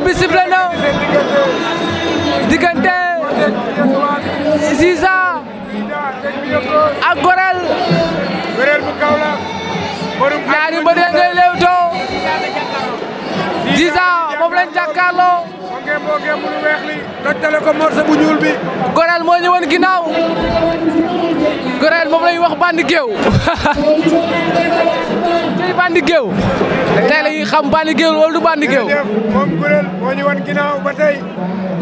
bi sifflé na diggante Ziza ak Gorel ñaari mbër ngay léewtoo Ziza moom lañ jàkkaarloo ngemboo ngemb lu weex li ko morceau bu ñuul bi Gorel moo ñëwoon ginnaaw Gorel moom la wax bandi géew tey bandi géew tey la ñuy xam bandi géew du bandi moom Gorel moo ñëwoon ginnaaw ba tey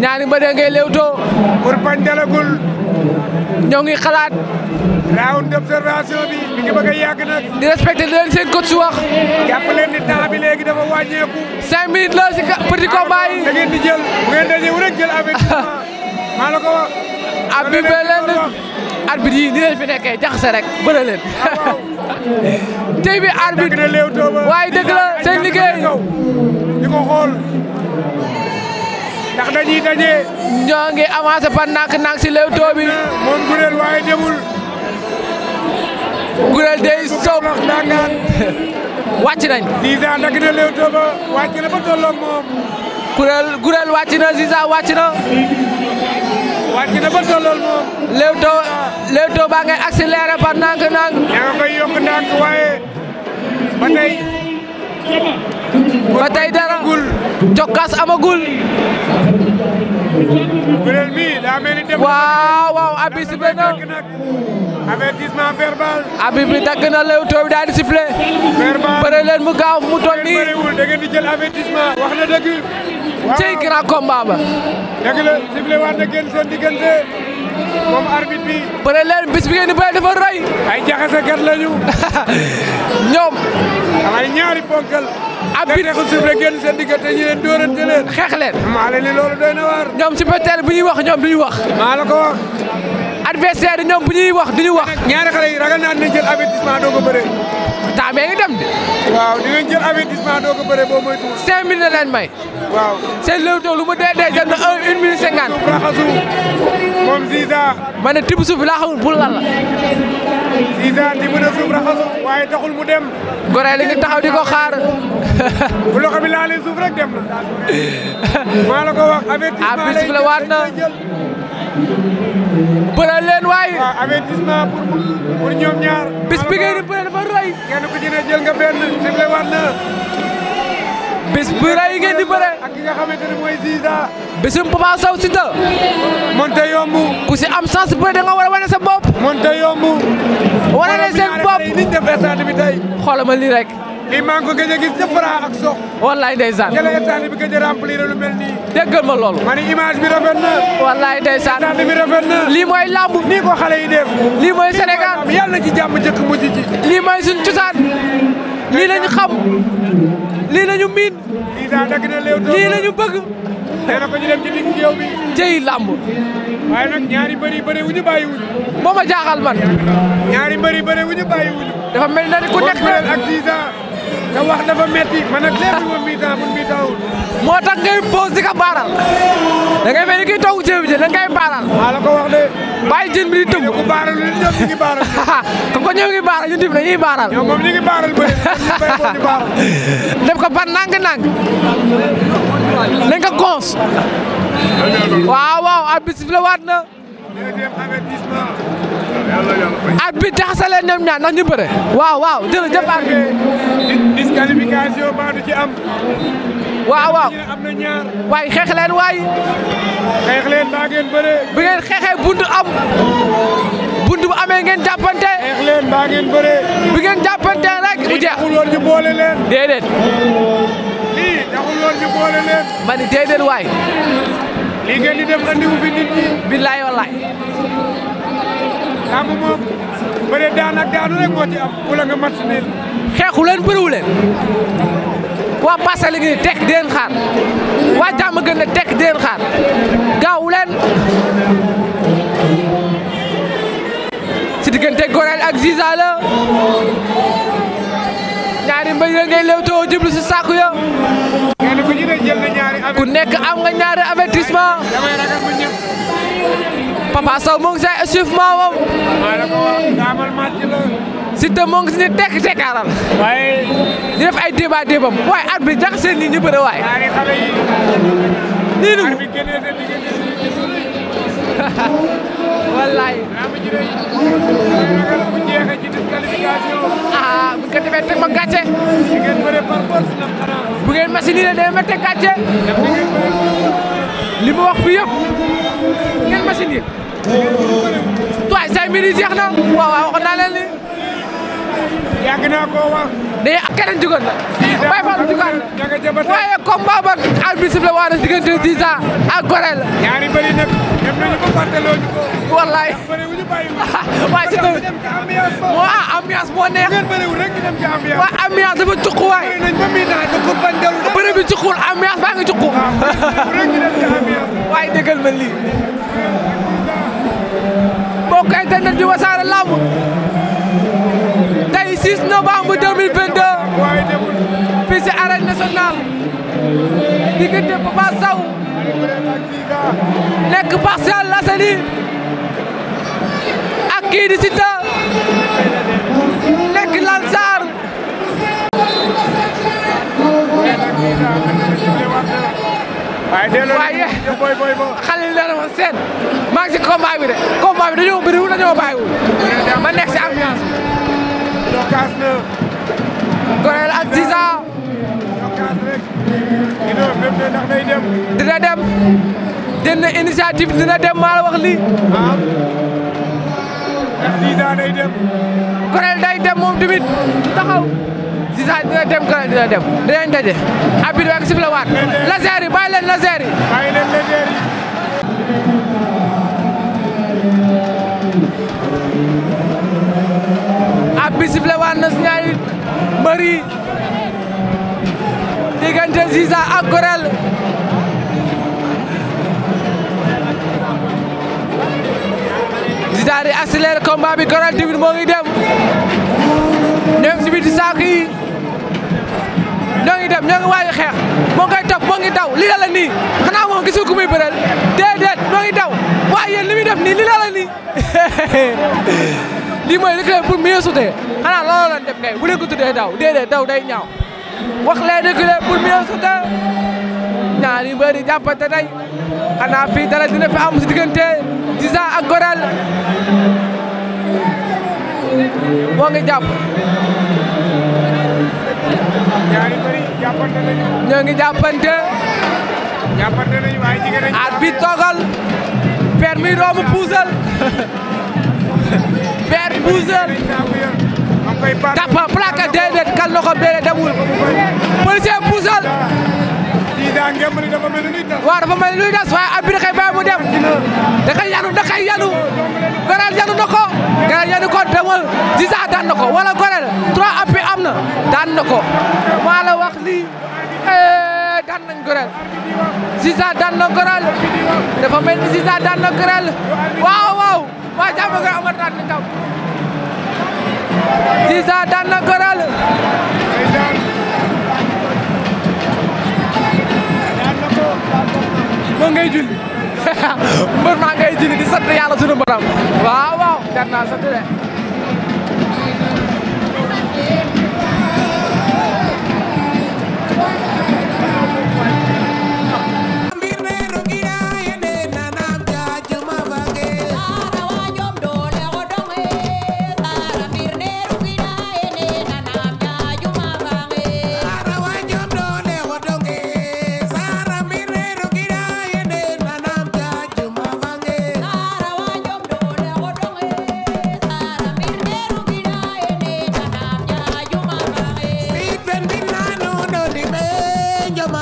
ñaari mbër ngay léewtoo pour bañ dalagul ñoo ngi xalaat a yàgg nag. di respecté leen seen coach wax. jàpp leen ni temps bi léegi dafa wàññeeku. cinq minutes la si petit yi. da ngeen di jël bu ngeen dajee wu rek jël avertissement yi ni leen fi nekkee jaxase rek bëre leen. tey bi arbitre waaye dëgg la seen liggéey. ñoo ngi avancé par nànk si Leewtoo bi. moom gureel waaye demul. Kourel day soob dangaan wàcc nañ Ziza ndag na Leewtoo ba wàcc na ba tolloog moom Kourel Kourel wàcc na Ziza wàcc na na ba tolloog moom Leewtoo Leewtoo baa ngay accéléré par ndànk ndànk yaa nga koy yokk ndànk waaye ba tey dara cokkaas amagul Kourel mi daa waaw waaw abbi si benn avertissement verbal. Habib bi dagg na Leewtoo bi daal di sifflé. verbal mu gaaw mu toll nii. di jël avertissement wax na dëgg. waaw cey grand combat ba. dëgg la sifflé waat na génn seen diggante moom arbitre bi. bëre leen bis dafa rëy. ay jaxasekat lañu. ñoom. ay ñaari ponkal. abit da neexul suuf la génn seen diggante ñu leen dóorante leen. xeex leen. maa leen ni loolu doy na waar. ñoom si béteel bi ñuy wax ñoom du ñu wax. maa la ko wax. adversaire ñoom bu ñuy wax du ñu wax. ñaari xale yi ragal naa dinañ jël avertissement doo ko bëree. temps bee ngi dem de. waaw dinañ jël avertissement doo ko boo moytu. cinq minutes la leen may. waaw seen Leewtoo lu mu dee dee jël na un une minute cinquante. suuf moom Ziza. ma ne tibb suuf laa xamul pour lan la. Ziza tibb na suuf raxasu waaye taxul mu dem. Gorée ngi taxaw di ko xaar. bu loxo bi laalee rek dem maa la ko wax avertissement lay jël waat na. bëral leen waay. waaw avertissement pour pour ñoom ñaar. bis bi ngeen di bëre dafa rëy. kenn ku ci ne jël nga benn sifflet war na. bis bu rëy ngeen di bëre. ak ki nga xamante ne mooy Ziza. bisum Papa Sow Siteu. mënta yomb. ku si am sens bu da nga war a wane sa bopp. mënta yomb. wane leen seen ma lii lii maa ngi ko gëj a gis ñëpp Franc ak Sokh. wallaay ndeysaan. jëlee stade bi a remplir lu mel nii. déggal ma loolu. ma ni image bi rafet lii mooy làmb. nii ko xale yi def. lii mooy Sénégal yàlla na ci jàmm jëkk mujj ji. lii mooy suñu cosaan. lii lañu xam. lii lañu miin. lii daa dagg na léew bëgg. nee na ko ñaari mbër bëri wu ñu wuñu. moo jaaxal man. ñaari mbër bëri wu ñu wuñu. dafa mel na te wax dafa metti man ak léegi moom moo tax ngay pause di ko baaral. da ngay mel ni kiy togg ceeb bi jën da ngay baaral. maa la di tëmb ku baaral ngi baaral. comme que ñoo ngi baaral ñun tamit dañuy baaral. ñoom moom ñu ngi baaral waat na. at bi jaxasale ñoom ñaar ndax ñu bëre. waaw waaw jërëjëf at bi. disqualification ba du ci am. waaw waaw am na ñaar. bi ngeen xeexee bunt am. bunt amee ngeen jàppante. xeex leen baa ngeen bëre. bi ngeen jàppante rek mu jeex. taxul di def andiwu làmb moom xeexu leen bëriwu leen waa Parcelles yi ngi nii tekk di leen xaar waa jàmm gën na tekk di leen xaar gaaw leen si diggante Gorel ak Ziza ñaari mbéy ya ngay lewtoo jublu si saako ya ku nekk am nga ñaari avertissement Papa Sow mu si ay échauffement maa la ko waral daamal màcc la. Siteu mu ngi si ne tekk tekkaaral. waaye. di ay débat bi jax seen nit ñi bëre waaye. nii nii mu. wallaay. Ah, bu ngeen demee teg ma ma teg gàcce. li mu wax fi yëpp ngeen machine yi toi say mbir yi jeex na waaw waaw waxoon naa leen ni ak keneen jugoon na bay fallu jugaan na waaye combat ba arbitre sifflé waa na diggante Ziza ak Gorel ñaari bëri nag dem nañu ko fàttaloo ñu ko moo ah moo neex waay bëri bi cuqul ambiance baa ngi cuq kaay déggal ma lii mbokk internet bi Wassare Lamb tey 6 novembre 2022 fii ci arène nationale diggante Papa Sow nekk Parcelles Assainies ak kii di nekk Lansar waaye xalil nee na ma seet maa ngi si combat bi de combat bi dañoo bëriwul dañoo bàyyiwul ma nekk si ambiance bi Gorel dina dem dina initiative dina dem maa la wax lii day dem moom tamit taxaw Moussa dina dem Kara waat na si ñaari mbër diggante Ziza ak Gorel. Ziza di accéléré combat bi Gorel tamit moo dem. ñoom si biti saako dem ñoo ngi xeex moo ngi koy topp daw li la la nii xanaa muy bëreel déedéet moo ngi daw waaye yéen li muy def nii li mooy li koy pour mieux sauter xanaa looloo kay bu leen ko tuddee daw déedéet daw day ñaaw wax leen reculer pour mieux ñaari mbër yi jàppante tey xanaa fii dara dina fi am si diggante Ziza ak Gorel moo ngi ñaari bëri ñoo ngi jàppante. jàppante nañu waaye jigéen nañu. at bi toogal. père puusal. père puusal. tapa plaque déedéet kal na ko déedéet demul. policier puusal. waaw dafa mel ni waaye at bi da koy bàyyi mu dem. da koy yanu da koy yanu. ñani ko demal Ziza daan na ko wala Gorel trois appuis am na daan na ko maa la wax lii eh, daan nañ Gorel Ziza daan na Gorel dafa mel moo ngay julli mbër maa ngay julli di sant yàlla sunu borom waaw jar naa sant de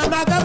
Mama